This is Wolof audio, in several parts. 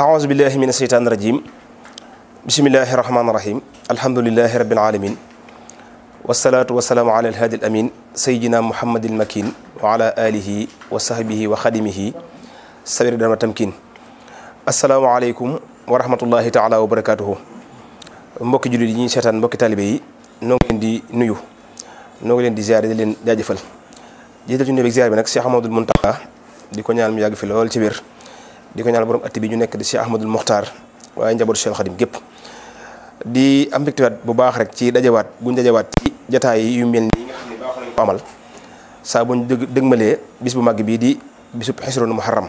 aouzu billahi min asheytaani rajim bismillahi rahmaani rahim alhamdulilahi rabbil alamin wasalaatu wasalaamu ala alhaadi al amin sayidina muhammadil makin wa ala wa sahbihi wa xadimihi sabir dama tamkin asalaamu aleykum wa rahmatullahi taala wa barakatuhu mbokki jullit yi ñuy seetaan mbokki taalibé yi leen di nuyu noo ngi leen di ziare di leen jaajëfal jiital ci nuyu bi ziare bi nag Cheikh Amadou di ko ñaan mu yàgg fi lool ci wér di ko ñaanal borom atti bi ñu nekk di Cheikh Ahmadul Mokhtar waaye njabootu Cheikh Khadim gépp di am bu baax rek ci dajawaat buñ dajawaat ci jataay yu mel nii nga xam ko amal saa buñ dëg dëgmalee bis bu màgg bii di bisub xisroon muharram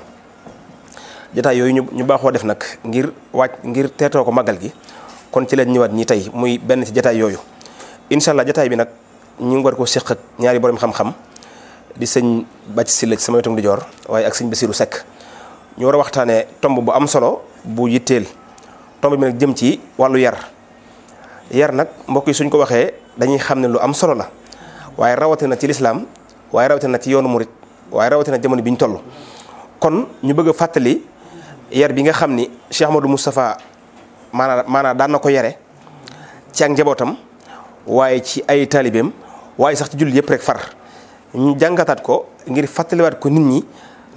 jataay yooyu ñu ñu baaxoo def nag ngir waaj ngir teetoo ko màggal gi kon ci lañ ñëwaat ñi tey muy benn ci jataay yooyu incha allah jataay bi nag ñu ngi war koo séq ñaari borom xam-xam di sëñ bàcc si lëj sama wetu di waaye ak sëñ Basiru Sekk ñu war a waxtaanee tomb bu am solo bu yitteel tomb bi nag jëm ci wàllu yar yar nag mbokk yi suñ ko waxee dañuy xam ne lu am solo la waaye rawatina ci lislaam waaye rawatina ci yoonu murit waaye rawatina jamono bi ñu toll. kon ñu bëgg a fàttali yar bi nga xam ni Cheikh Ahmadou Moustapha maanaa daan na ko yare ci ak njabootam waaye ci ay taalibeem waaye sax ci jullit yëpp rek far ñu jàngataat ko ngir fàttaliwaat ko nit ñi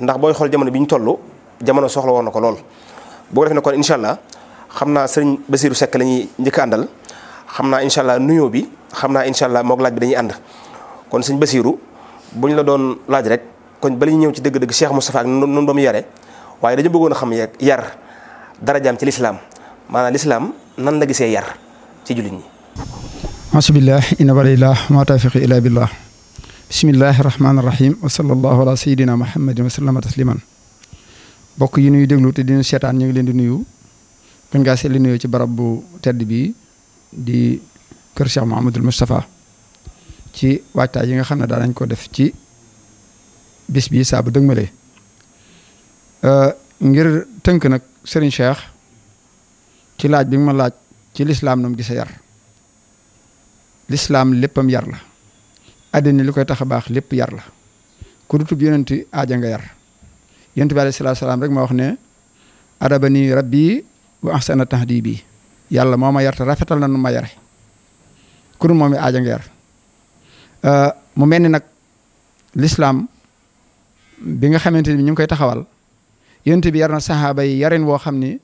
ndax booy xool jamono bi ñu toll. jamono soxla woon na ko lool boo ko defee ne kon incha allah xam naa sëriñ Basiirou sekk la ñuy njëkk àndal xam naa incha allah nuyoo bi xam naa incha allah moog laaj bi dañuy ànd kon sëñ Basiirou ñu la doon laaj rek kon ba ñu ñëw ci dëgg-dëgg Cheikh Moustapha ak noonu ba mu yare waaye dañu bëggoon a xam yar darajaam ci lislaam maanaam lislaam nan la gisee yar ci jullit ñi. masbillah ina walillah ma tawfiqi ila billah bismillahi rahmani rahim wa sallallahu ala bokk yi nuy déglu te dinu seetaan ñu ngi leen di nuyu gën ngaa seetlu nuyoo ci barab bu tedd bi di kër Cheikh Mouhamadoul Moustapha ci waajtaay yi nga xam ne daa nañ ko def ci bis bi saa bu dëgmalee euh, ngir tënk nag Serigne Cheikh ci laaj bi nga ma laaj ci lislaam nam gisa yar lislaam léppam yar la àddina li koy tax a baax lépp yar la ku dutub yonenti aaja nga yar yonent bi alayhi salaatu rek ma wax ne adabani rabbi wa ahsana tahdibi yàlla moo ma yarta rafetal na nu ma yare kurun moom i aaja ngeer euh, mu mel ni nag lislaam bi nga xamante ni ñu ngi koy taxawal yonent bi yar na saxaaba yi yarin woo xam ni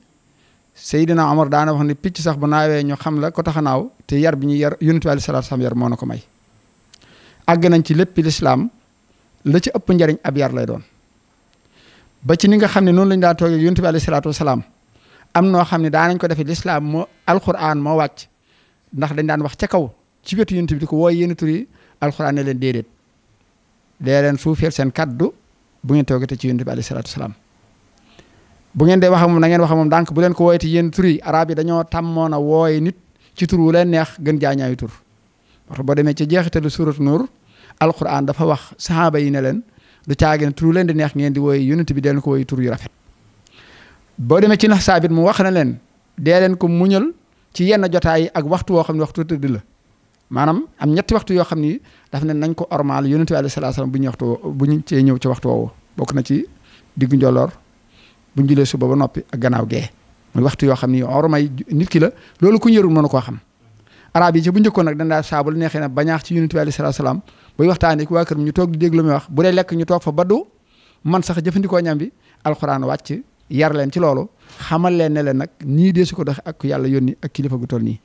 Seydina Omar daana wax ni picc sax bu naawee ñu xam la ko tax naaw te yar bi ñu yar yonent bi alayhi salaatu yar moo na ko may àgg nañ ci lépp lislaam la ci ëpp njariñ ab yar lay doon ba ci ni nga xam ne noonu lañ daa toogee yonent bi alayhi salaatu wasalaam am noo xam ne daanañ ko defee lislaam moo alquran moo wàcc ndax dañ daan wax ca kaw ci wetu yonent bi di ko wooy yéen tur yi alquran ne leen déedéet dee leen suufeel seen kaddu bu ngeen toogee te ci yonent bi alayhi salaatu wasalaam bu ngeen dee wax moom na ngeen wax moom donc bu leen ko wooyee te yéen tur yi arab yi dañoo tàmmoon a wooye nit ci tur wu leen neex gën jaañaayu tur parce boo demee ca jeexitalu suuratu nuur alquran dafa wax sahaaba yi ne leen du caagin tur leen di neex ngeen di woy yonent bi dee leen ko woy tur yu rafet boo demee ci nax saabit mu wax na leen dee leen ko muñal ci yenn jotaay ak waxtu woo xam ne waxtu tëdd la maanaam am ñetti waxtu yoo xam ni daf ne nañ ko ormal yonent bi alayhi salaam bu ñu waxtu bu ñu cee ñëw ci waxtu woowu bokk na ci diggu njolloor bu ñu julee suba ba noppi ak gannaaw gee muy waxtu yoo xam ni ormay nit ki la loolu ku ñërul mënu koo xam arab yi ci bu njëkkoon nag dañ daa saabu lu neexee na bañaax ci yonent bi salaam buy waxtaanee ak waa kër ñu toog di déglu muy wax bu dee lekk ñu toog fa baddu man sax jëfandikoo ñam bi alxuraan wàcc yar leen ci loolu xamal leen ne leen nag nii dee su ko doxee ak yàlla yónni ak kilifa gu toll nii.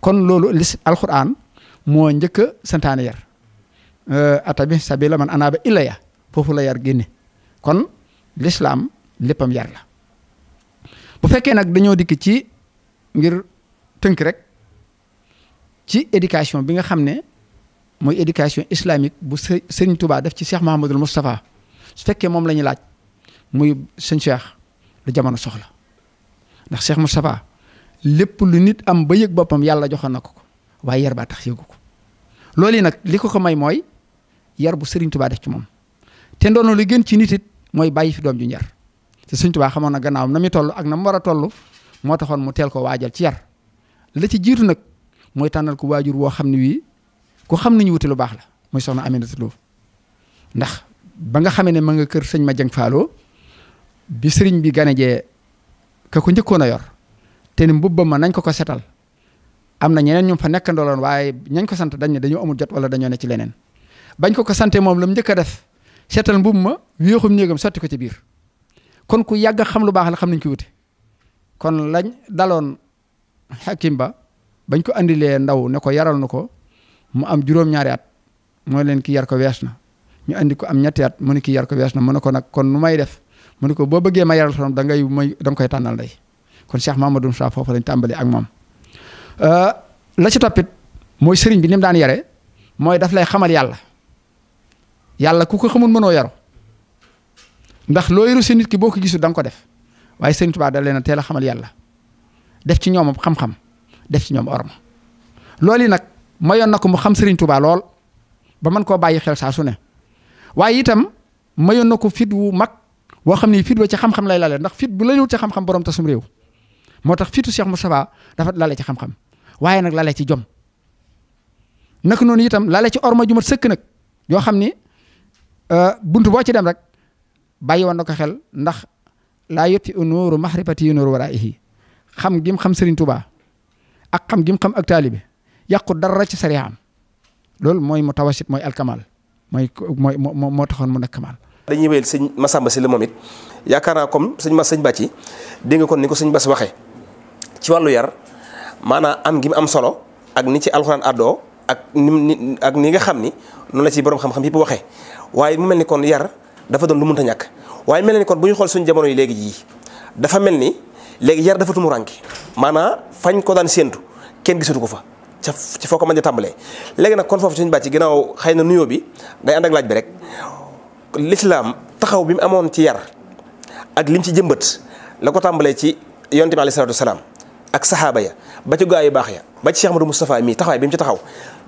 kon loolu lis alxuraan moo njëkk a santaane yar euh, atabi sabila man anaaba ilaya foofu la yar génne kon lislaam léppam yar la bu fekkee nag dañoo dikk ci ngir tënk rek ci éducation bi nga xam ne mooy éducation islamique bu së sëriñ tubaa def ci Cheikh Mahamadul Moustapha su fekkee moom la ñu laaj muy sëñ Cheikh lu jamono soxla ndax seex Moustapha lépp lu nit am ba yëg boppam yàlla joxoon na ko ko waaye yar baa tax yëgu ko loolu yi nag li ko ko may mooy yar bu sëriñ Touba def ci moom te ndoonu lu gën ci nit it mooy bàyyi fi doom ju ñar te sëñ Touba xamoon na gannaawam na mi toll ak na mu war a toll moo taxoon mu teel ko waajal ci yar la ci jiitu nag mooy tànnal ko waajur woo xam ne wii ku xam nañu wuti lu baax la muy soxna Aminata Lo ndax ba nga xamee ne ma nga kër sëñ ma jëng faaloo bi sëriñ bi ganejee ka ko njëkkoon a yor te ni mbubb ma nañ ko ko setal am na ñeneen ñum fa nekkandooloon waaye ñañ ko sant dañ ne dañoo amul jot wala dañoo ne ci leneen bañ ko ko sante moom la mu njëkk a def seetal mbubb ma wéexum néegam sotti ko ci biir kon ku yàgg xam lu baax la xam nañ ko wuti kon lañ daloon xakim bañ ko andilee ndaw ne ko yaral na ko mu am juróom-ñaari at mooy leen yar ko wees na ñu andi ko am ñetti at mu ne ki yar ko wees na mu ne ko nag kon nu may def mu ne ko boo bëggee ma yaral soxnaam da ngay may danga koy tànnal day kon ma Mamadou Moussa foofu lañ tàmbalee ak moom. Euh, la ci toppit mooy sëriñ bi ni daan yare mooy daf lay xamal yàlla yàlla ku ko xamul mënoo yaru ndax loo yaru si ki boo ko gisul danga ko def waaye sëriñ Tuubaa da leen a teel a xamal yàlla def ci ñoom xam-xam def ci ñoom orma loolu nag mayoon na ko mu xam Serigne Touba lool ba man koo bàyyi xel saa su ne waaye itam mayoon na ko fit wu mag woo xam ni fit wa ci xam-xam lay lale ndax fit bu lalul ci xam-xam borom tasum réew moo tax seex Cheikh Moustapha dafa lale ci xam-xam waaye nag lale ci jom naka noonu itam lale ci orma ju mat sëkk nag yoo xam ni euh, bunt boo ci dem rek bàyyi woon na ko xel ndax laa yotti nuuru mahrifati nuuru waraihi xam gim xam Serigne Touba ak xam gim xam ak taalibe yàqu dara ci sariyaam loolu mooy mu tawasit mooy alkamal mooy mooy moo moo taxoon mu nekk kamal. dañuy wéyal sëñ Massamba si la moom yaakaar naa comme sëñ Mass sëñ Bàcci dégg nga kon ni ko sëñ Bass waxee ci wàllu yar maanaam am gi am solo ak ni ci alxuraan àddoo ak ni ak ni nga xam ni noonu la ci borom xam-xam yëpp waxee waaye mu mel ni kon yar dafa doon lu mun mënta ñàkk waaye mel ni kon bu ñu xool suñ jamono yi léegi jii dafa mel ni léegi yar dafa tumu rànki maanaam fañ ko daan séentu kenn gisatu ko fa. ca ci foo ko mën di tàmbalee léegi nag kon foofu suñu bàcc ginnaaw xëy na nuyóo bi day ànd ak laaj bi rek lislaam taxaw bi mu amoon ci yar ak lim ci jëmbët la ko tàmbalee ci yonte bi alayhi salaatu ak saxaaba ya ba ci gaa yu baax ya ba ci Cheikh Amadou Moustapha mii taxawaay bi mu ci taxaw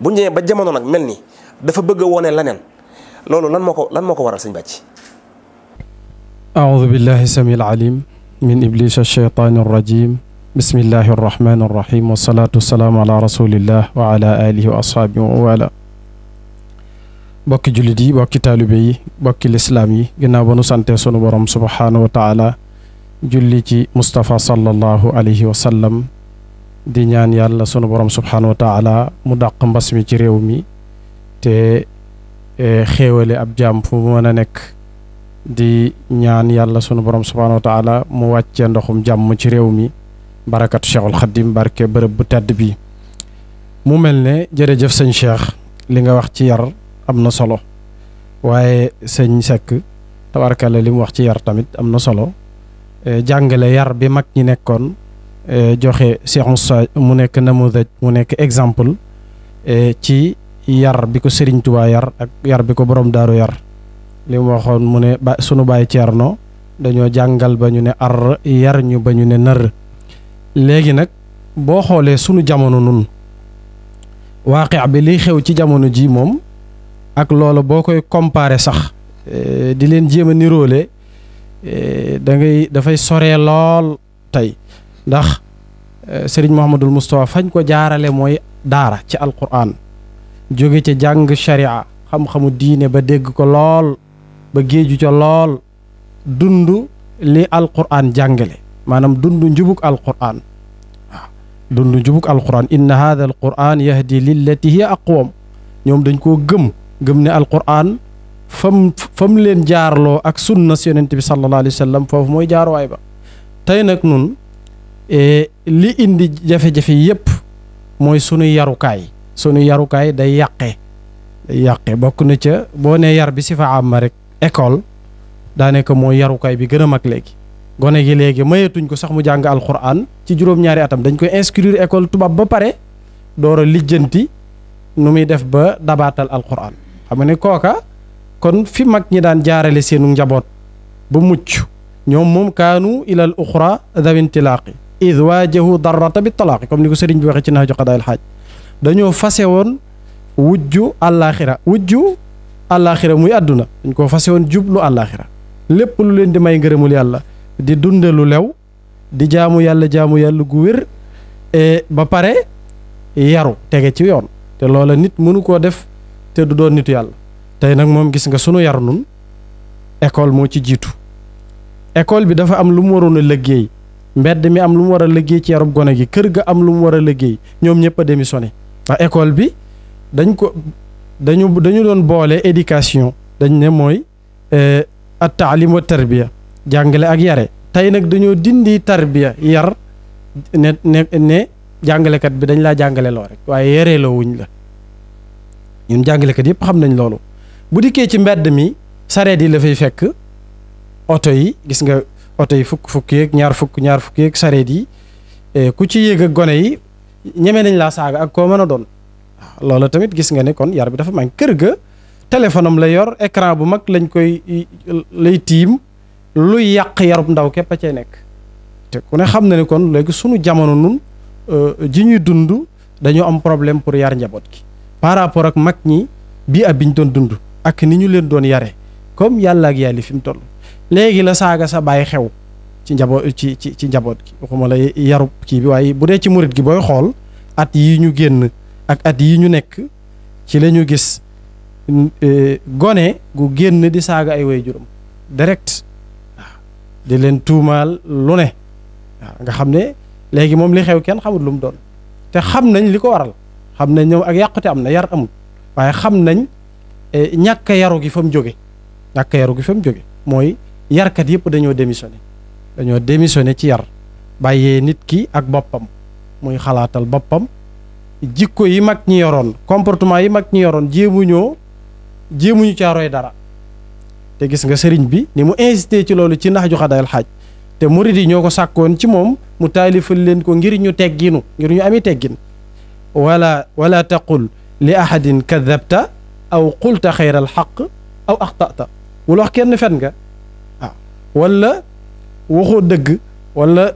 bu ñëwee ba jamono nag mel ni dafa bëgg a wone leneen loolu lan moo ko lan moo ko waral suñu bàcc aoudu billahi samiil alim min iblis alcheytaan arrajim bismillahi arrahmani arrahim wasalaatu wasalaamu ala rasulillah wa ala alihi wa ashaabi wa wala bokki jullit yi bokki taalibe yi bokki lislaam yi ginnaaw ba nu sunu borom subhaanahu wa taala julli ci Moustapha sallallahu alayhi wa di ñaan yàlla sunu borom subhaanahu wa taala mu dàq mbas mi ci réew mi te e, xéewale ab jàmm fu mu mën nekk di ñaan yàlla sunu borom subhaanahu wa taala mu wàcce ndoxum jàmm ci réew mi barakatu cheikhul xadim barke bërëb bu tedd bii mu mel ne jërëjëf sëñ cheikh li nga wax ci yar am na solo waaye sëñ sekk tabarkalla li mu wax ci yar tamit am na solo e, jàngale yar bi mag ñi nekkoon e, joxe Cheikh Moussa mu nekk namudaj mu nekk exemple e, ci yar bi ko Serigne Touba yar ak yar bi ko borom daaru yar li mu waxoon mu ne ba sunu bàyyi Ceerno dañoo jàngal ba ñu ne ar yar ñu ba ne nër léegi nag boo xoolee sunu jamono nun waaqe bi liy xew ci jamono ji moom ak loolu boo koy comparer sax eh, di leen jéem a niroole eh, da ngay dafay soree lool tey ndax eh, Serigne Mouhamadul Moustapha fañ ko jaarale mooy daara ci alquran jóge ca jàng sharia xam-xamu diine ba dégg ko lool ba géeju ca lool dund li alquran jàngale maanaam dund njubug alquran waaw dund njubug alquran inna haada alquran yahdi lillati ak aqwam ñoom dañ koo gëm gëm ne alquran fam fam leen jaarloo ak sunna si yonent bi sallallahu alayhi wa foofu mooy jaaruwaay ba tey nag nun e, li indi jafe-jafe yépp mooy sunu yarukaay sunu yarukaay day yàqe day yàqe bokk na ca boo nee yar bi si fa am ma rek école daanaka mooy yarukaay bi gën a mag léegi gone gi léegi mayetuñ ko sax mu jàng alxuraan ci juróom-ñaari atam dañ koy inscrire école tubaab ba pare door a lijjanti nu muy def ba dabaatal alxuraan xam nga ne kooka kon fi mag ñi daan jaarale seenu njaboot bu mucc ñoom moom kaanu ilal uxra dawintilaaqi waa waajahu darrata bi talaaqi comme ni ko sëriñ bi waxee ci naaju qadaayil xaaj dañoo fase woon wujju àllaaxira wujju àllaaxira muy àdduna dañ koo fase woon jublu àllaaxira lépp lu leen di may ngërëmul yàlla di dunde lu lew di jaamu yàlla jaamu yàlla gu wér e ba pare yaru tege ci yoon te loola nit mënu koo def te du doon nitu yàlla tey nag moom gis nga sunu yar nun école moo ci jiitu école bi dafa am lu mu waroon a liggéey mbedd mi am lu mu war a liggéey ci yarub gone gi kër ga am lu mu war a liggéey ñoom ñëpp a démissionné ndax école bi dañ ko dañu dañu doon boole éducation dañ ne mooy e, at taalim wa tarbiya jàngale ak yare tey nag dañoo dindi tarbiya yar ne ne ne jàngalekat bi dañ laa jàngale loo rek waaye yaree loo wuñ la ñun jàngalekat yëpp xam nañ loolu bu dikkee ci mbedd mi sareet yi la fay fekk oto yi gis nga oto yi fukk fukk yeeg ñaar fukk ñaar fukk yeeg sareet yi eh, ku ci yéeg ak gone yi ñeme nañ laa saaga ak koo mën a doon waaw loolu tamit gis nga ne kon yar bi dafa man kër ga téléphone am la yor écran bu mag lañ koy lay tiim luy yàq yarub ndaw képp a cee nekk te ku ne xam na ni kon léegi sunu jamono nun euh, ji ñuy dund dañoo am problème pour yar njaboot gi par rapport ak mag ñi bii ab bi ñu doon dund ak ni ñu leen doon yare comme yàlla ak yàlla fi mu toll léegi la saaga sa bàyyi xew ci njaboot ci ci ci njaboot gi waxuma la yarub kii bi waaye bu dee ci murit gi booy xool at yi ñu génn ak at yi ñu nekk ci la ñu gis euh, gone gu génn di saaga ay juróom direct di leen tuumaal lu ne waaw nga xam ne léegi moom li xew kenn xamul lu mu doon te xam nañ li ko waral xam nañ ñoom ak yàqute am na yar amul waaye xam nañ eh, ñàkk yaru gi fa mu jóge ñàkk yaru gi fa mu jóge mooy yarkat yëpp dañoo démissionné dañoo démissionné ci yar bàyyee nit ki ak boppam muy xalaatal boppam jikko yi mag ñi yoroon comportement yi mag ñi yoroon jéemuñoo jéemuñu caa roy dara te gis nga sëriñ bi ni mu insisté ci loolu ci nax ju xadaayal xaaj te murid yi ñoo ko sàkkoon ci moom mu taalifal leen ko ngir ñu tegginu ngir ñu ami teggin wala wala taqul li ahadin kadabta aw qulta xayral xaq aw axtata wul wax kenn fen nga waaw ah. wala waxoo dëgg wala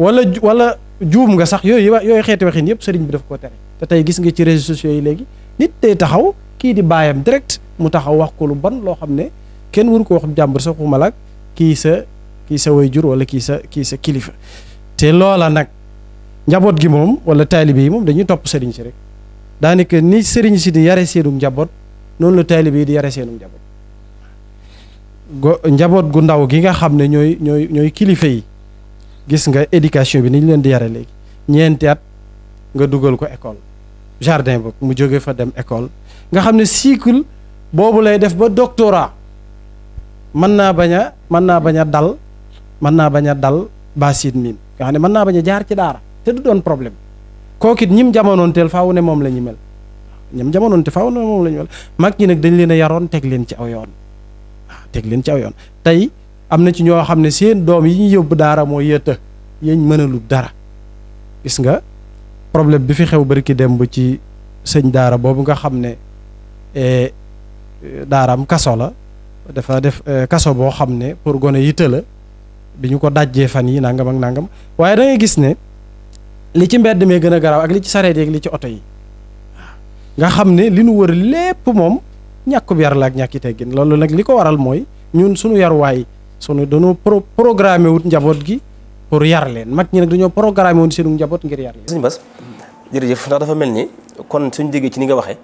wala wala juum nga sax yooyu yooyu xeeti waxin yëpp sëriñ bi daf ko tere te tey gis nga ci réseaux sociaux yi léegi nit day taxaw kii di baayam direct mu taxaw wax ko lu ban loo xam ne kenn waru ko wax jàmbur sax ku kii sa kii sa wayjur wala kii sa kii sa kilifa te loola nag njaboot gi moom wala taalibe yi moom dañuy topp sëriñ si rek daanaka ni sëriñ si di yare seenum njaboot noonu la taalibe yi di yare seenum njaboot go njaboot gu ndaw gi nga xam ne ñooy ñooy ñooy kilifa yi gis nga éducation bi ni ñu leen di yare léegi ñeenti at nga dugal ko école jardin boog mu jóge fa dem école nga xam ne cycle boobu lay def ba doctorat mën naa bañ a mën naa bañ a dal mën naa bañ a dal baasit miim nga xam ne mën naa bañ a jaar ci daara te du doon problème kookit ñim jamonoonteel faaw ne moom la ñu mel ñim jamonoonte faaw ne moom lañu ñu mel mag ñi nag dañ leen a yaroon teg leen ci aw yoon waaw teg leen ci aw yoon tey am na ci ñoo xam ne seen doom yi ñu yóbbu daara moo yëta yéen mënalul dara gis nga problème bi fi xew bari dem bu ci sëñ daara boobu nga xam ne eh, daaraam kaso la dafa def euh, kaso boo xam ne pour gone yi tëla bi ñu ko dajjee fan yi nangam ak nangam waaye dangay gis ne li ci mbedd mee gën a garaaw ak li ci sareet yi ak li ci oto yi nga xam ne li nu wër lépp moom ñàkkub yar la ak ñàkki teggin loolu nag li ko waral mooy ñun suñu yaruwaay sunu dañoo pro programmé wut njaboot gi pour yar leen mag ñi nag dañoo programmé woon seenu njaboot ngir yar leen. sëñ Bass jërëjëf ndax dafa mel ni kon suñ jógee ci ni nga waxe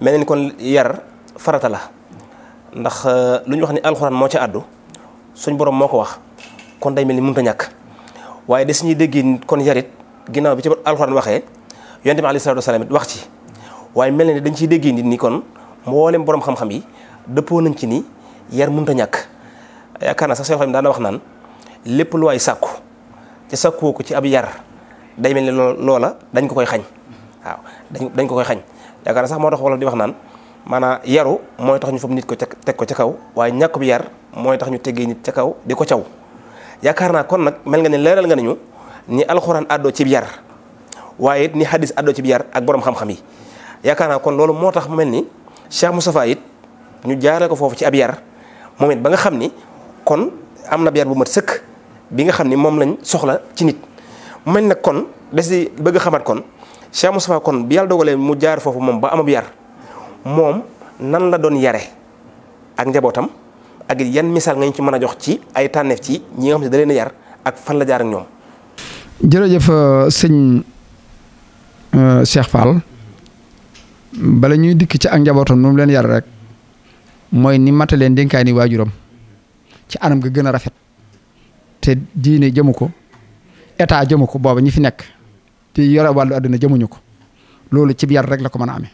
mel ni kon yar farata la. ndax euh, lu ñu wax ni alxuraan moo ca àddu suñ borom moo ko wax kon day mel ni mënut a ñàkk waaye des ñuy dégg kon yarit ginnaaw bi ci alxuraan waxee yonent bi aleyhi salaatu wax ci waaye mel na ni dañ ciy dégg nit nii kon mboolem borom xam-xam yi dëppoo nañ ci ni yar mënut a ñàkk yaakaar na sax seen xam daana wax naan lépp lu waay sàkku ci sàkkuwoo ko ci ab yar day mel ni loola dañ ko koy xañ waaw dañ dañ ko koy xañ yaakaar naa sax moo tax di wax naan. maanaam yaru mooy tax ñu fab nit ko teg ko ca kaw waaye ñàkk bu yar mooy tax ñu teggee nit ca kaw di ko caw yaakaar naa kon nag mel nga ne leeral nga nañu ni alxuraan àddoo ci yar waaye it ni hadis àddoo ci yar ak borom xam-xam yi yaakaar naa kon loolu moo tax mu mel ni Cheikh Moustapha it ñu jaaree ko foofu ci ab yar moom it ba nga xam ni kon am na yar bu mat sëkk bi nga xam ni moom lañ soxla ci nit mu mel nag kon des di bëgg xamaat kon Cheikh Moustapha kon bi yàlla dogalee mu jaar foofu moom ba am moom nan la doon yare ak njabootam ak yan misaal nga ñu ci mën a jox ci ay tànneef ci ñi nga xam ne da leen yar ak fan la jaar ak ñoom. jërëjëf euh, sëñ euh, Cheikh Fall bala ñuy dikk ci ak njabootam nu leen yar rek mooy ni mataleen dénkaay ni waajuram ci anam ga gën a rafet te diine jëmu ko état jëmu ko booba ñi fi nekk te yore wàllu àdduna jëmuñu ko loolu ci yar rek la ko mën a amee.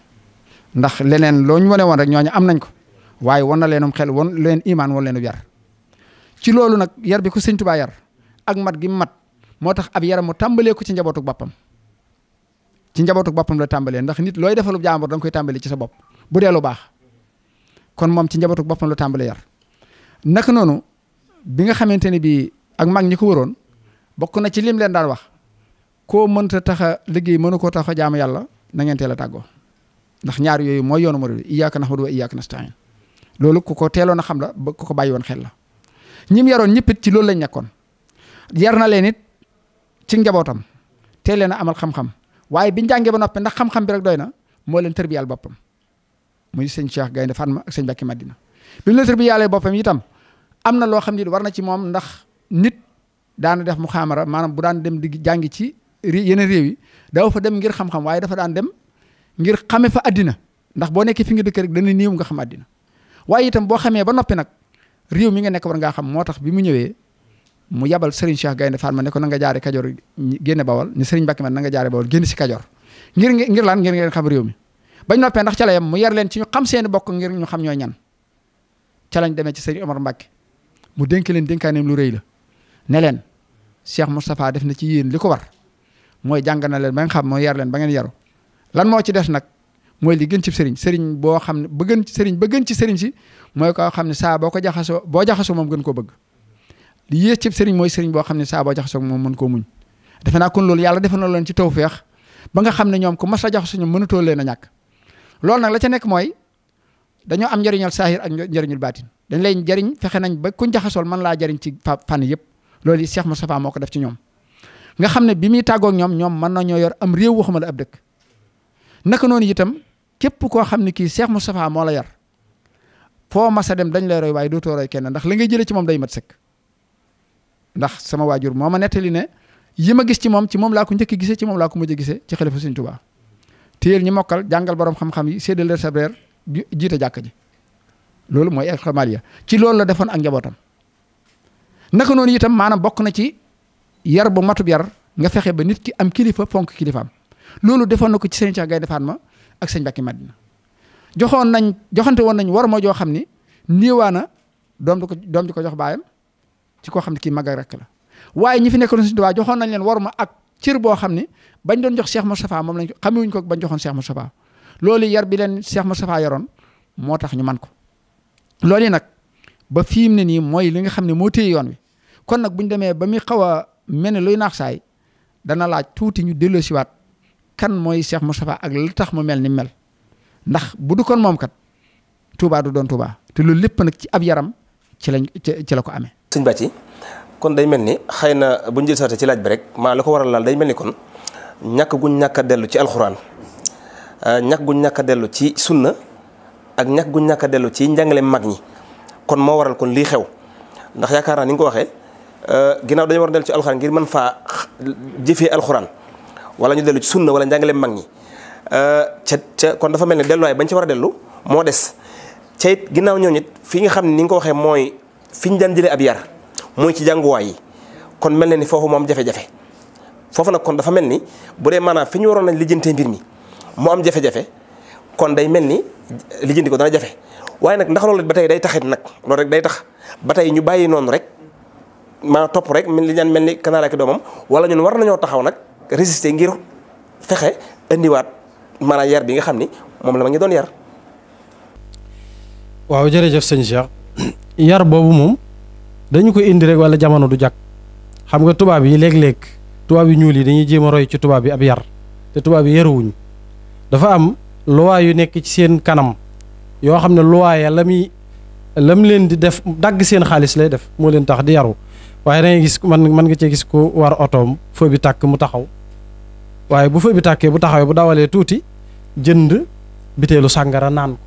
ndax leneen loo ñu woon rek ñooñu am nañ ko waaye wan na leenum xel wan leen imaan wan leenu yar ci loolu nag yar bi ko sëñ baa yar ak mat gi mat moo tax ab yaram mu tàmbalee ko ci njabootuk boppam ci njabootuk boppam la tàmbalee ndax nit looy defalu jàmbur da koy tàmbalee ci sa bopp bu dee lu baax kon moom ci njabootuk boppam la tàmbalee yar naka noonu bi nga xamante ne bii ak mag ñi ko waroon bokk na ci lim leen daan wax koo mënta tax a liggéey mënu koo tax a jaamu yàlla na ngeen a tàggoo ndax ñaar yooyu mooy yoonu murid iyyaka nahmadu wa iyyaka nasta'in loolu ku ko teeloon a xam la ba ku ko bàyyi woon xel la ñim yaroon ñëpp it ci loolu lañ nekkoon yar na leen it ci njabootam teel leen a amal xam waaye biñ jàngee ba noppi ndax xam-xam bi rek doy na moo leen tërbiyal boppam muy sëñ Cheikh Gaynde Fatma ak sëñ Mbàkke maddina bi mu leen tërbiyalee boppam itam am na loo xam ne war na ci moom ndax nit daana def mu xaamara maanaam bu daan dem digg jàngi ci yeneen réew yi daaw fa dem ngir xam-xam waaye dafa daan dem ngir xame fa àddina ndax boo nekkee fi nga dëkk rek dana néew nga xam àddina waaye itam boo xamee ba noppi nag réew mi nga nekk war ngaa xam moo tax bi mu ñëwee mu yabal Serigne Cheikh Gaynde Fatma ma ko na nga jaare Kajoor génne Bawol ni Serigne Mbacke man na nga jaare Bawol génn si Kajoor ngir ngir lan ngir ngeen xam réew mi bañ noppee ca la yem mu yar leen ci ñu xam seeni bokk ngir ñu xam ñooy ñan ca lañ demee ci Serigne Omar Mbacke mu dénk leen dénkaaneem lu rëy la ne leen Cheikh Moustapha def na ci yéen li ko war mooy jàng na leen ba nga xam mooy leen ba ngeen yaru lan moo ci des nag mooy li gën ci sëriñ sëriñ boo xam ne ba gën ci sëriñ ci sëriñ si mooy koo xam ne saa boo ko jaxasoo boo jaxasoo moom gën koo bëgg li yées mooy sëriñ boo xam ne saa boo moom mën koo muñ defe naa kon loolu yàlla defe na leen ci tawfeex ba nga xam ne ñoom ku mas la jaxasoo ñoom mënatoo leen a ñàkk loolu nag la ca nekk mooy dañoo am njëriñal saahir ak njëriñul baatin dañ lay jëriñ fexe nañ ba kuñ jaxasool mën laa jariñ ci fànn yëpp loolu ma Moustapha moo ko def ci ñoom nga xam ne bi muy tàggoog ñoom ñoom mën nañoo yor am réew waxuma la ab dëkk naka noonu itam képp koo xam ne kii seex Cheikh Moustapha moo la yar foo mas dem dañ lay roy waaye dootoo roy kenn ndax li ngay jëlee ci moom day mat sëkk ndax sama waajur moo ma nettali ne yi ma gis ci moom ci moom laa ko njëkk a gisee ci moom laa ko mujj a gisee ci xalifa Sëriñ te téyel ñi mokkal jàngal boroom xam-xam yi séddale leen sa reer jàkk ji loolu mooy al Kamaliya ci loolu la defoon ak njabootam naka noonu itam maanaam bokk na ci yar bu matub yar nga fexe ba nit ki am kilifa fonk kilifaam loolu defoon na ko ci sëñ Cheikh defaan ma ak sëñ Mbacké Madina joxoon nañ joxante woon nañ war ma joo xam ni niiwaana doom di ko doom di ko jox baayam ci koo xam ne kii mag ak rakk la waaye ñi fi nekkoon sëñ waa joxoon nañ leen war ma ak cër boo xam ne bañ doon jox seex Cheikh Moustapha moom lañ xamewuñ ko bañ joxoon Cheikh Moustapha loolu yar bi leen Cheikh Moustapha yoroon moo tax ñu man ko loolu nag ba fiim ne nii mooy li nga xam ne moo téye yoon wi kon nag bu ñu demee ba muy xaw a mel ne luy naax saay dana laaj tuuti ñu delloosiwaat kan mooy Cheikh Moustapha ak li tax mu mel ni mel ndax bu du kon moom kat Touba du doon Touba te loolu lépp nag ci ab yaram ci lañ ci la ko amee. sëñ Bàcci kon day mel ni xëy na bu ñu jël ci laaj bi rek maa la ko waral laal day mel ni kon ñàkk guñ ñàkk dellu ci alxuraan euh, ñàkk guñ ñàkk dellu ci sunna ak ñàkk gu ñàkk a dellu ci njàngale mag ñi kon moo waral kon lii xew ndax yaakaar naa ni nga ko waxee euh, ginnaaw dañu war a dellu ci alxuraan ngir mën faa jëfee alxuraan. wala ñu dellu ci sunna wala njàngaleem mag ñi euh, ca ca kon dafa mel ni delluwaay bañ ci war a dellu moo des ca it ginnaaw ñooñu it fi nga xam ne ni ko waxee mooy fi ñu daan jëlee ab yar mooy ci jànguwaay yi kon mel na ni foofu moom jafe foofu nag kon dafa mel ni bu dee maanaam fi ñu waroon nañ lijjantee mbir mi mu am jafe-jafe kon day mel ni lijjanti ko dana jafe waaye nag ndax loolu ba tey day taxit nag loolu rek day tax ba tey ñu bàyyi noonu rek maa topp rek li ñaan mel ni kanaara doomam wala ñun war nañoo taxaw nag résister ngir fexe indiwaat maanaam yar bi nga xam ni moom la ma ngi doon yar. waaw jërëjëf sëñ Cheikh yar boobu moom dañu ko indi rek wala jamono du jàkk xam nga tubaab yi léeg-léeg tubaab yu ñuul yi dañuy jéem a roy ci tubaab yi ab yar te tubaab yi yaruwuñ dafa am loi yu nekk ci seen kanam yoo xam ne loi la muy la mu leen di def dagg seen xaalis lay def moo leen tax di yaru waaye da ngay gis man man nga cee gis ko war otoom feu bi tàkk mu taxaw waaye bu feu bi tàkkee bu taxawee bu dawalee tuuti jënd biteelu sàngara naan ko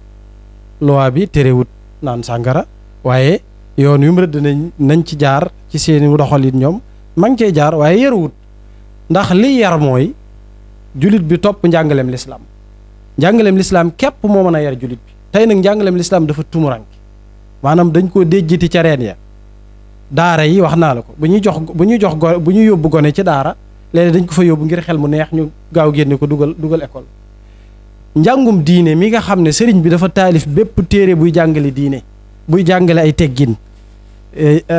loi bi terewut naan sàngara waaye yoon yu mu rëdd nañ ci jaar ci seeni doxaliin ñoom ma ngi cee jaar waaye yaruwut ndax li yar mooy julit bi topp njàngalem lislaam njàngaleem lislaam képp moo mën a yar julit bi tey nag njàngalem lislaam dafa tumurank maanaam dañ koo déjjiti ca reen ya daara yi wax naa la ko bu ñuy jox bu ñuy jox go bu ñuy yóbbu gone ci daara léeg dañ ko fa yóbbu ngir xel mu neex ñu gaaw génne ko dugal dugal école njàngum diine mi nga xam ne sëriñ bi dafa taalif bépp téere buy jàngale diine buy jàngale ay teggin e, e,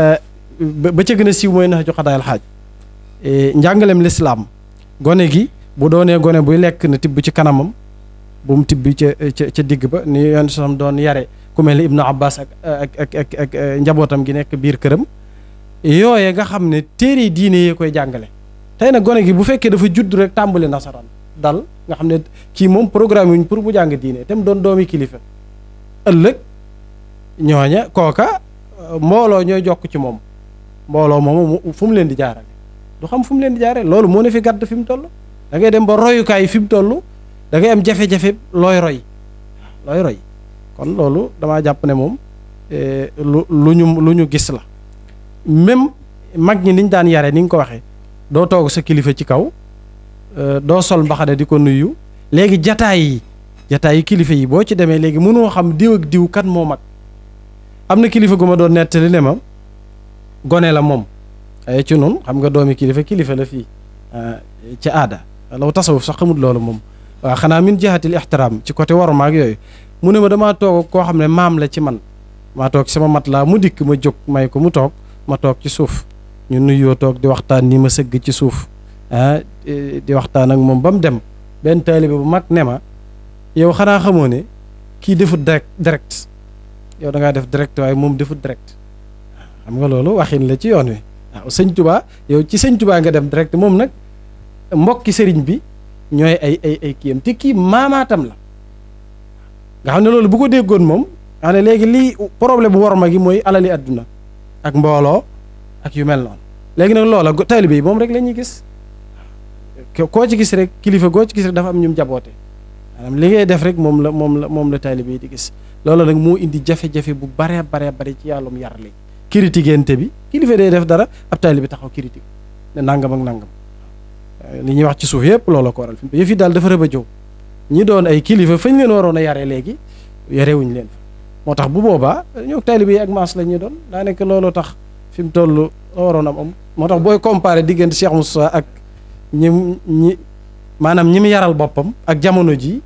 ba ca gën a siiw mooy nax ju xadaayal xaaj e, njàngalem lislaam gone gi bu doonee gone buy lekk na tibb ci kanamam bu mu tibbi ca ca ca digg ba ni yoon sam doon yare ku mel ni ibnu abbas ak njabootam gi nekk biir këram yooye nga xam ne téere diine yee koy jàngale tey nag gone gi bu fekkee dafa judd rek tàmbali nasaraan dal nga xam ne kii moom programme ñu pour mu jàng diine te mu doon doomi kilifa ëllëg ñooña kooka euh, mbooloo ñooy jokk ci moom mbooloo moomu fu mu leen di jaarale du xam fu mu leen di jaarale loolu moo ne fi fi mu toll da dem ba royukaay fi mu toll da ngay am jafe looy roy looy roy kon loolu damaa jàpp ne moom eh, lu lu ñu gis la même mag ñi niñ daan yare ni nga ko waxee doo toog sa kilifa ci kaw euh, doo sol mbaxane di ko nuyu léegi jataay yi jataay yi kilifa yi boo ci demee léegi mënoo xam diw ak diw kan moo mag am na kilifa gu ma doon nettali ne ma gone la moom ay eh, ci noonu xam nga doomi kilifa kilifa la fii euh, ci aada law tasawuf sax xamul loolu moom waaw xanaa min jihatil ixtiraam ci côté waruma maak yooyu mu ne ma damaa toog koo xam ne maam la ci man maa toog sama mat laa mu dikk ma jóg may ko mu toog ma toog ci suuf ñu nuyoo toog di waxtaan ni ma sëgg ci suuf ah di waxtaan ak moom ba mu dem benn taalibe bu mag ne ma yow xanaa xamoo ne kii defut direct direct yow da ngaa def direct waaye moom defut direct xam nga loolu waxin la ci yoon wi waaw sëñ tubaa yow ci sëñ tubaa nga dem direct moom nag mbokki sëriñ bi ñooy ay ay ay kiyam te kii maamaatam la nga xam ne loolu bu ko déggoon moom xam ne léegi lii problème bu war ma gi mooy alali àdduna ak mbooloo ak yu mel noonu léegi nag loola taalibe yi moom rek lañuy ñuy gis koo ci gis rek kilifa goo ci gis rek dafa am ñum jaboote maanaam li ngay def rek moom la moom la moom la taalibe yi di gis loola nag moo indi jafe-jafe bu baree baree bari ci yàllum yar léegi critiquente bi kilifa day def dara ab taalibe taxaw critique ne nangam ak nangam li ñuy wax ci suuf yëpp loola ko waral yëf yi daal dafa rëb a jow ñi doon ay kilifa fañ leen waroon a yare léegi yarewuñ leen fa moo tax bu boobaa ñoo taalibe yi ak la ñuy doon daa looloo tax fi mu toll la waroon am am moo tax booy comparé diggante Cheikh Moussa ak ñi ñi maanaam ñi mu yaral boppam ak jamono ji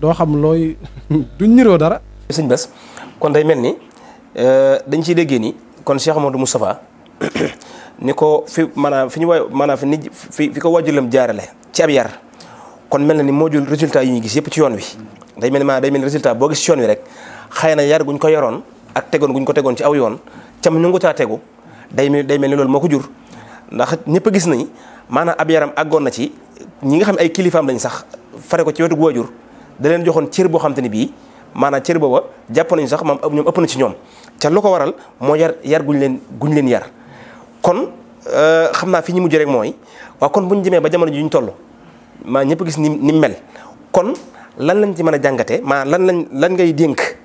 doo xam looy du niroo dara. sëñ Bass kon day mel ni euh, dañ ci déggee ni kon Cheikh Amadou Moustapha ni ko fi maanaam fi ñu waay maanaam fi nit fi fi ko waajulam jaarale ci ab yar kon mel na ni moo jul résultat yi ñu gis yëpp ci yoon wi. day mel ni maanaam day mel ni résultat boo gis ci yoon wi rek xëy na yar guñ ko yoroon ak tegoon guñ ko tegoon ci aw yoon. cam ñu ngi caa tegu day mel day mel ni loolu moo ko jur ndax ñëpp a gis nañu maanaam ab yaram àggoon na ci ñi nga xam ay kilifaam lañ sax fare ko ci wetu jur da leen joxoon cër boo xam te bii maanaam cër booba jàpp nañu sax moom ñoom ëpp na ci ñoom ca lu ko waral moo yar yar leen guñ leen yar kon euh, xam naa fi ñu mujj rek mooy waaw kon bu ñu jëmee ba jamono ji ñu toll maa ñëpp gis ni ni mel kon lan lañ ci mën a jàngate maanaam lan lañ lan ngay dénk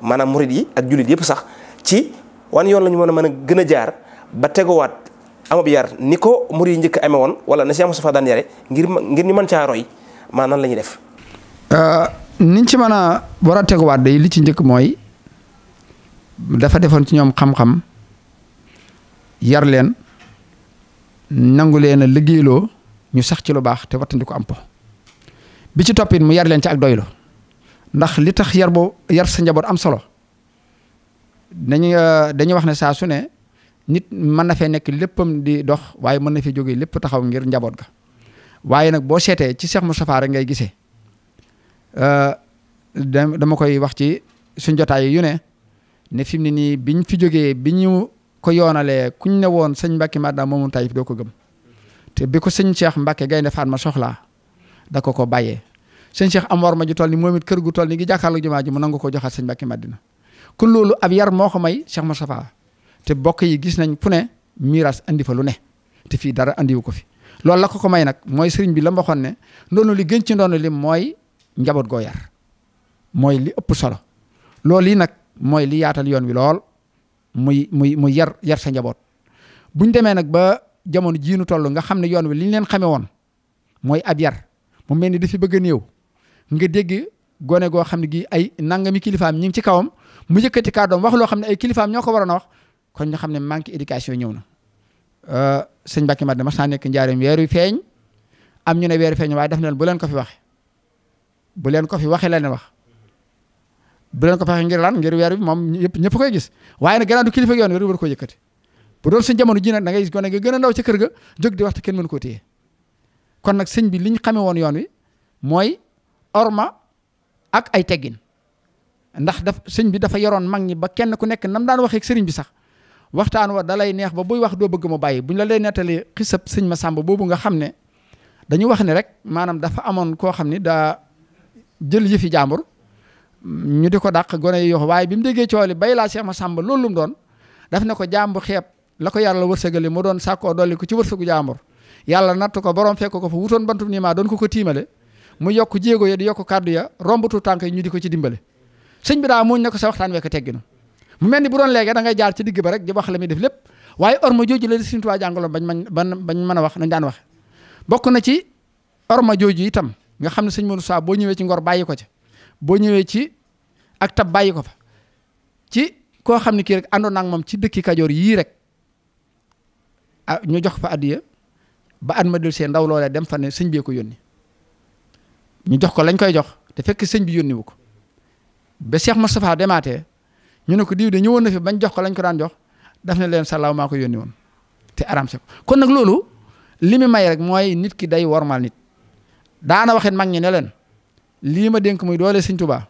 maanaam murid yi ak jullit yëpp sax ci wan yoon la ñu mën a mën a gën a jaar ba tegowaat amab yar ni ko mur yi njëkk amee woon wala na si Moustapha daan yare ngir ngir ñu mën caa roy maa nan la ñuy def euh, niñ ci mën a war a teguwaat day li ci njëkk mooy dafa defoon ci ñoom xam-xam yar leen nangu leen a liggéeyloo ñu sax ci lu baax te wattandi ko am po bi ci toppit mu yar leen ci ak doylu ndax li tax yar boo yar sa njaboot am solo dañuy euh, dañuy wax ne saa su ne nit mën na fee nekk léppam di dox waaye mën na fee jógee lépp taxaw ngir njaboot ga waaye nag boo seetee ci Cheikh Moustapha rek ngay gisee euh, dama koy wax ci suñ jotaay yu ne ne fi mu ne nii biñ fi jógee bi ñu ko yoonalee kuñ ne woon sëñ Mbacke Madina moomu Taïf doo ko gëm te bi ku sëñ Cheikh Mbacke Gaynde Fatma soxlaa da ko ko bàyyee sëñ Cheikh Amor ma ji toll ni moom it kër gu toll ni gi jàkkaarloo jumaa ji mu nangu ko joxaat sëñ Mbacke Madina kon loolu ab yar moo ko may Cheikh Moustapha te bokk yi gis nañ fu ne miiras andi fa lu ne te fii dara andiwu ko fi loolu la ko ko may nag mooy sëriñ bi la ma ne ndoonu li gën ci ndoonu li mooy njaboot goo yar mooy li ëpp solo lool yi nag mooy li yaatal yoon wi lool muy muy muy yar yar sa njaboot buñ demee nag ba jamono jiinu toll nga xam ne yoon wi liñ leen xamee woon mooy ab yar mu mel ni dafi bëgg a néew nga dégg gone goo xam ne gi ay nangami kilifaam ñi ngi ci kawam mu yëkkati kàddoom wax loo xam ne ay kilifaam ñoo ko waroon a wax kon ñu xam ne manque éducation ñëw na euh, sëñ Mbacke Madina mas naa nekk njaareem weeru feeñ am ñu ne weeru feeñ waaye daf ne leen leen ko fi waxe bu leen ko fi waxe la ne wax bu leen ko fi waxe ngir lan ngir weer bi moom yëpp ñëpp koy gis waaye nag gannaaw du kilifa yoon war koo yëkkati bu doon suñ jamono ji nag da ngay gis gone gi gën a ndaw ci kër ga jóg di waxtu kenn mënu koo téye kon nag sëñ bi li xamee woon yoon wi mooy orma ak ay teggin ndax daf sëñ bi dafa yoroon mag ñi ba kenn ku nekk nam daan waxee ak sëriñ bi sax waxtaan wa dalay neex ba buy wax doo bëgg mu bàyyi bu ñu la lay nettalee xisab sëñ ma sàmb boobu nga xam ne dañu wax ne rek maanaam dafa amoon koo xam ne daa jël yëfi jàmbur ñu di ko dàq gone yi yox waaye bi mu déggee cooli bay laa seex ma sàmb loolu lu mu doon daf ne ko jàmbu xeeb la ko yàlla wërsëgale mu doon sàkkoo dolli ko ci wërsëgu jàmbur yàlla natt ko borom fekk ko fa wutoon bantum nii maa ko ko tiimale mu yokk jéego ya di yokk kàddu ya rombatu tànk ñu di ko ci dimbale sëñ bi daa muñ ne ko sa waxtaan wekk tegginu mu mel ni bu doon léegi dangay jaar ci digg ba rek di wax la muy def lépp waaye orma jooju la Sëñ Tuubaa jàngaloon bañ man bañ mën a wax nañ daan wax bokk na ci orma jooju itam nga xam ne sëñ Modou Sa boo ñëwee ci ngor bàyyi ko ci boo ñëwee ci ak tab bàyyi ko fa ci koo xam ne kii rek àndoon moom ci dëkki kajoor yii rek ah ñu jox fa addiya ba at ma del see ndaw loolee dem fa ne sëñ bee ko yónni ñu jox ko lañ koy jox te fekk sëñ bi yónni ko ba Cheikh Moustapha demaate ñu ne ko diw de ñëwoon na fi bañ jox ko lañ ko daan jox def na leen salaaw maa ko yónni woon te aram se kon nag loolu li mu may rek mooy nit ki day wormal nit daana waxit mag ñi ne leen lii ma dénk muy doole Sëñ Tuubaa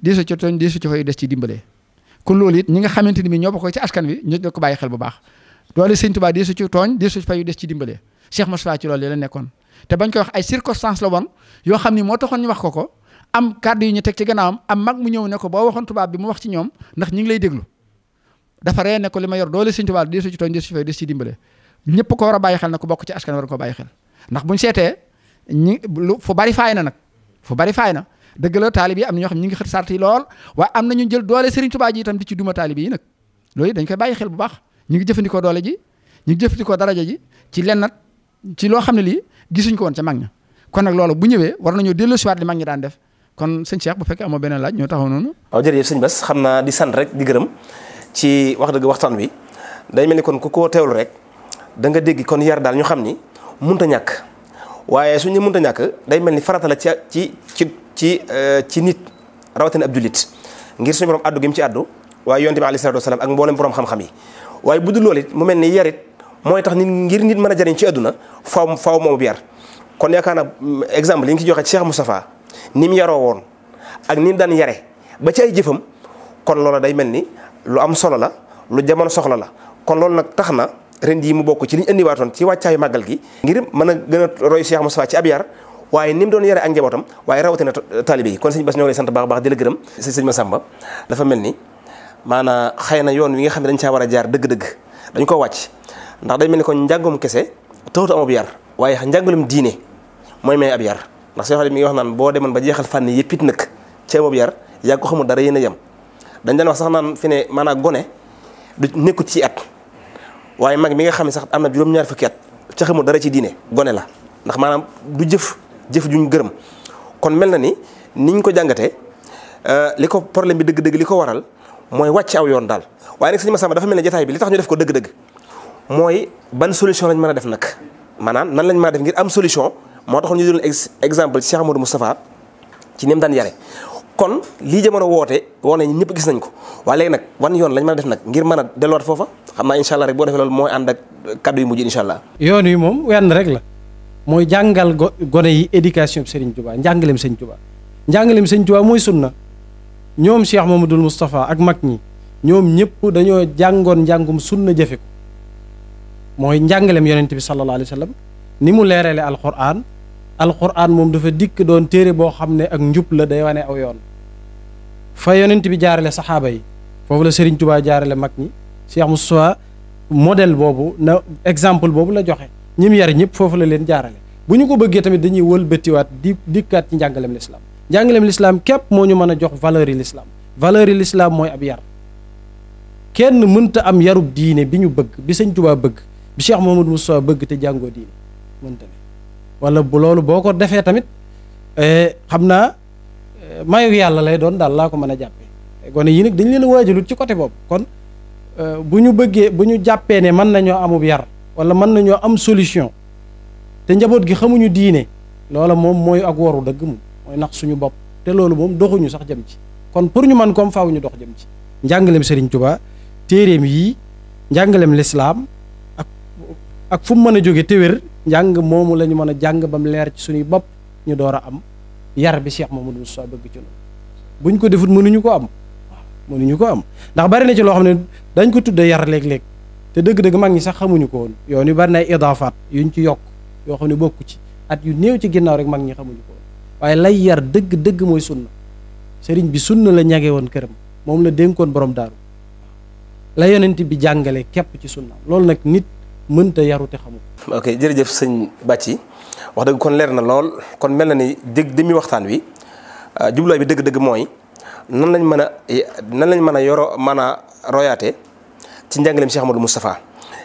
diisu ci tooñ diisu ci fay des ci dimbalee kon loolu it xamante ni bi ñoo bokk ci askan wi ñu ko bàyyi xel bu baax doole Sëñ Tuubaa diisu ci tooñ diisu ci fayu des ci dimbalee la nekkoon te bañ koy wax ay circonstances la woon yoo xam ni moo taxoon ñu wax ko ko am kàddu yu ñu teg ci gannaawam am mag mu ñëw ne ko boo waxoon tubaab bi mu wax ci ñoom ndax ñu ngi lay déglu dafa ree ne li ma yor doole sëñ tubaab di su ci tooñ di su ko a bàyyi xel na ko bokk ci askan war ko bàyyi xel ndax buñ seetee ñi lu fu bari faay na nag fu bari faay na dëgg la taalib yi am ñoo xam ñi ngi xët sart lool waaye am na ñu jël doole sëriñ tubaa ji itam di ci duma taalib yi nag loolu dañ koy bàyyi xel bu baax ñu ngi jëfandikoo doole ji ñu ngi jëfandikoo daraja ji ci lennat ci loo xam ne lii gisuñ ko woon ca mag ña kon nag loolu bu ñëwee war nañoo delloosiwaat li mag ñi daan def kon sëñ Cheikh bu fekkee amoo beneen laaj ñoo taxaw noonu. waaw jërëjëf sëñ Bass xam naa di sant rek di gërëm ci wax dëgg waxtaan wi day mel ni kon ku ko teewul rek da nga dégg kon yar daal ñu xam ni munta ñàkk waaye suñ suñu munta ñàkk day mel ni farata la ci ci ci ci euh, ci nit rawatina ab jullit ngir suñ borom addu gi mu ci addu waaye yonte bi alayhi salaatu ak mboolem borom xam-xam yi waaye bu dul loolu it mu mel ni yarit mooy tax nit ngir nit mën a jariñ ci àdduna faaw faaw moomu bi yar kon yaakaar naa mm, exemple yi nga ci joxe Cheikh Moustapha ni mu yaroo woon ak nii mu daan yare ba ci ay jëfam kon loola day mel ni lu am solo la lu jamono soxla la kon loolu nag tax na ren yi mu bokk ci li ñu indiwaatoon ci wàccaayu màggal gi. ngir mën a gën a roy Cheikh Moustapha ci ab yar waaye ni mu doon yare ak njabootam waaye rawatina taalibe yi kon sëñ Bass ñoo sant baax baax di la gërëm. sëñ sëñ Massamba dafa mel ni maanaa xëy na yoon wi nga xam ne dañ caa war a jaar dëgg-dëgg dañ ko wàcc ndax day mel ni kon njàngum kese taxut amub yar waaye njàngalum diine mooy may ab yar ndax Cheikh Ali mi ngi wax naan boo demoon ba jeexal fànn yëpp it nag cee boobu yar yaa ko xamul dara yéen a yem dañ daan wax sax naan fi ne maanaam gone du nekkut ci at waaye mag mi nga xam ne sax am na juróom-ñaar fukki at ca xamul dara ci diine gone la ndax maanaam du jëf jëf juñ gërëm kon mel na ni niñ ko jàngatee euh, li ko problème bi dëgg-dëgg li ko waral mooy wàcc aw yoon daal waaye nag ma Massamba dafa mel ne jotaay bi li tax ñu def ko dëgg-dëgg mooy ban solution lañ mën a def nag maanaam nan lañ mën def ngir am solution moo tax ñu jël exemple Cheikh Amadou Moustapha ci ni mu daan yare kon lii jamono woote woo nañ ñëpp gis nañ ko waaye léegi nag wan yoon lañ mën a def nag ngir mën a delluwaat foofa xam naa incha allah rek boo defee loolu mooy ànd ak kaddu yu mujj incha allah. yoon wi moom wenn rek la mooy jàngal gone yi éducation bi Serigne Touba njàngaleem Serigne Touba njàngaleem Serigne Touba mooy sunna ñoom Cheikh Mamadou Moustapha ak mag ñi ñoom ñëpp dañoo jàngoon njàngum sunna jëfe ko mooy njàngaleem yonent bi sallallahu alayhi wa ni mu leerale alquran alquran moom dafa dikk doon téere boo xam ne ak njub la day wane aw yoon fa yonent bi jaarale saxaaba yi foofu la Serigne Touba jaarale mag ñi Cheikh Moussa modèle boobu na exemple boobu la joxe ñim yar ñëpp foofu la leen jaarale bu ñu ko bëggee tamit dañuy wëlbatiwaat di dikkaat ci njàngaleem lislaam njàngaleem lislaam képp moo ñu mën a jox valeur yi lislaam valeur yi lislaam mooy ab yar kenn mënta am yarub diine bi ñu bëgg bi Sëñ Touba bëgg bi Cheikh Mouhamadou Moussa bëgg te jàngoo diine mënta wala bu loolu boo ko defee tamit eh, xam naa eh, mayu yàlla lay doon daal laa ko mën a jàppe gone yi nag dañu leen a waajalut ci côté boobu kon eh, bu ñu bëggee bu ñu jàppee ne mën nañoo amub yar wala mën nañoo am solution te njaboot gi xamuñu diine loola moom mooy ak waru dëgg mu mooy nax suñu bopp te loolu moom doxuñu sax jëm ci kon pour ñu man koom faaw ñu dox jëm ci njàngaleem Serigne Touba téeréem yii njàngaleem lislaam ak fu mu mën a jóge te njàng moomu la ñu mën a jàng ba mu leer ci suñuy bopp ñu door a am yar bi Cheikh Mamadou Moustapha bëgg ci loolu buñ ko defut mënuñu ko am mënuñu ko am ndax bari na ci loo xam ne dañ ko tudde yar léeg-léeg te dëgg-dëgg mag ñi sax xamuñu ko woon yoon yu bari na ay idaafaat yuñ ci yokk yoo xam ne bokk ci at yu néew ci ginnaaw rek mag ñi xamuñu ko woon waaye lay yar dëgg-dëgg mooy sunna sëriñ bi sunna la ñage woon këram moom la dénkoon boroom daaru la yonent bi jàngale képp ci sunna loolu nag nit mënta yarute xamu ko. ok jërëjëf sëñ Bàcci wax dëgg kon leer na lool kon mel na ni dégg demi waxtaan wi ah, jubluwaay bi dëgg-dëgg mooy nan lañ mën a nan lañ mën a yoro mën a royaate ci njàngaleem Cheikh Amadou Moustapha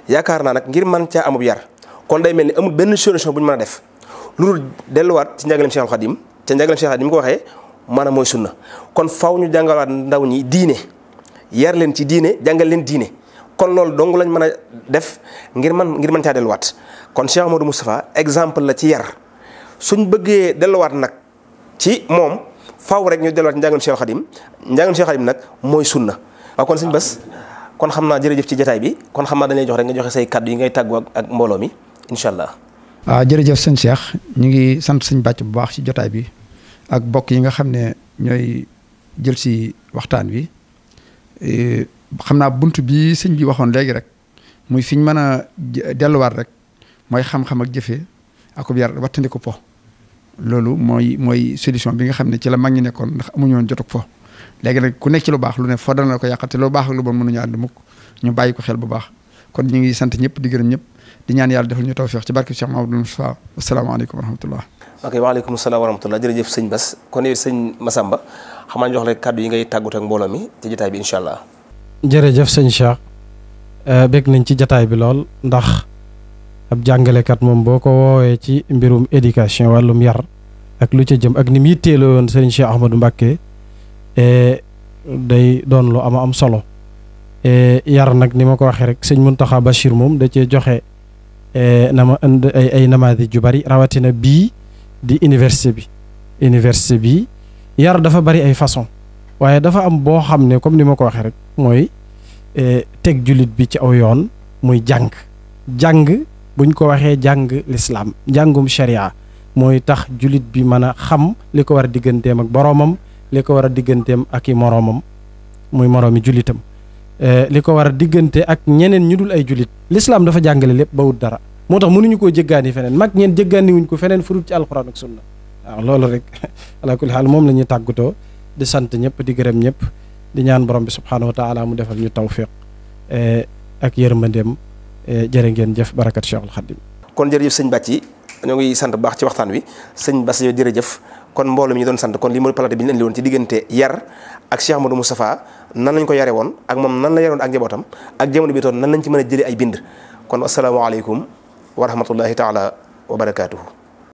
yaakaar naa nag ngir man caa amub yar kon day mel ni amul benn solution bu ñu mën def loolu delluwaat ci njàngaleem Cheikh Khadim ca njàngaleem Cheikh Khadim ko waxee a mooy sunna kon faw ñu jàngalaat ndaw ñi diine yar leen ci diine jàngal leen diine kon loolu dong lañ mën a def ngir man ngir mën caa delluwaat kon Cheikh Amadou Moustapha exemple la ci yar suñ bëggee delluwaat nag ci moom faaw rek ñu delluwaat njàngam Cheikh Khadim njàngam Cheikh Khadim nag mooy sunna waaw kon suñ bés kon xam naa jërëjëf ci jotaay bi kon xam naa dañuy jox rek nga joxe say kàddu yi ngay tàggu ak mbooloo mi incha allah. waaw jërëjëf sëñ Cheikh ñu ngi sant sëñ bàcc bu baax ci jotaay bi ak bokk yi nga xam ne ñooy jël si waxtaan wi. xam naa bunt bii sëñ bi waxoon léegi rek muy fi ñu mën a delluwaat rek mooy xam-xam ak jëfee akub yar wattandi ko po loolu mooy mooy solution bi nga xam ne ci la mag ñi nekkoon ndax amuñu woon jotuk fo léegi nag ku nekk ci lu baax lu ne foo na la ko yàqate lu baax ak lu bon mënuñu ànd mukk ñu bàyyi ko xel bu baax kon ñu ngi sant ñëpp di gërëm ñëpp di ñaan yàlla defal ñu tawfiix ci barke Cheikh Mamadou Moustapha asalaamaaleykum wa rahmatullah ok waaleykum salaam wa rahmatullah jërëjëf sëñ Bass kon yow sëñ Massamba xamaa jox la kàddu yi ngay tàggut ak mi ci jotaay bi incha allah jërëjëf sëñ Cheikh eh, bég nañ ci jataay bi lool ndax ab jàngalekat moom boo ko woowee ci mbirum éducation wàllum yar ak lu ca jëm ak ni mu yitteeloo woon sëriñ Cheikh Ahmadou Mbacké eh, day doon lu ama am solo eh, yar nag ni ma ko waxee rek sëñ Mountakha Bachir moom da cee joxe na ma ay ay namaadi ju bari rawatina bii di université bi université bi yar dafa bari ay façon waaye dafa am boo xam ne comme ni ma ko waxee rek. mooy e, teg jullit bi ci aw yoon muy jàng jàng buñ ko waxee jàng lislaam njàngum sharia mooy tax jullit bi mën a xam li ko war a digganteem ak boroomam li ko war a digganteem ak i moroomam muy moroomi jullitam e, li ko war a diggante ak ñeneen ñu dul ay jullit lislaam dafa jàngale lépp ba wut dara moo tax mënuñu koo jéggaani feneen mag ñeen jéggaani ko feneen furut ci alxuraan ak sunna waaw loolu rek alaa xaal moom la ñuy tàggatoo di sant ñëpp di gërëm ñëpp di ñaan borom bi subhaanahu wa taala mu defal ñu tawfiq eh, ak yërmandeem eh, jërë ngeen jëf barakat Cheikhul Khadim kon jërëjëf sëñ Bàcci ñoo ngi sant baax ci waxtaan wi sëñ Bass yow jërëjëf kon mbooloo mi ñu doon sant kon li mooy plateau bi ñu andi woon ci diggante yar ak Cheikh Amadou Moustapha nan lañ ko yare woon ak moom nan la yare woon ak njabootam ak jamono bi toon nan lañ ci mën a ay bind kon asalaamaaleykum wa rahmatullahi taala wa barakaatuhu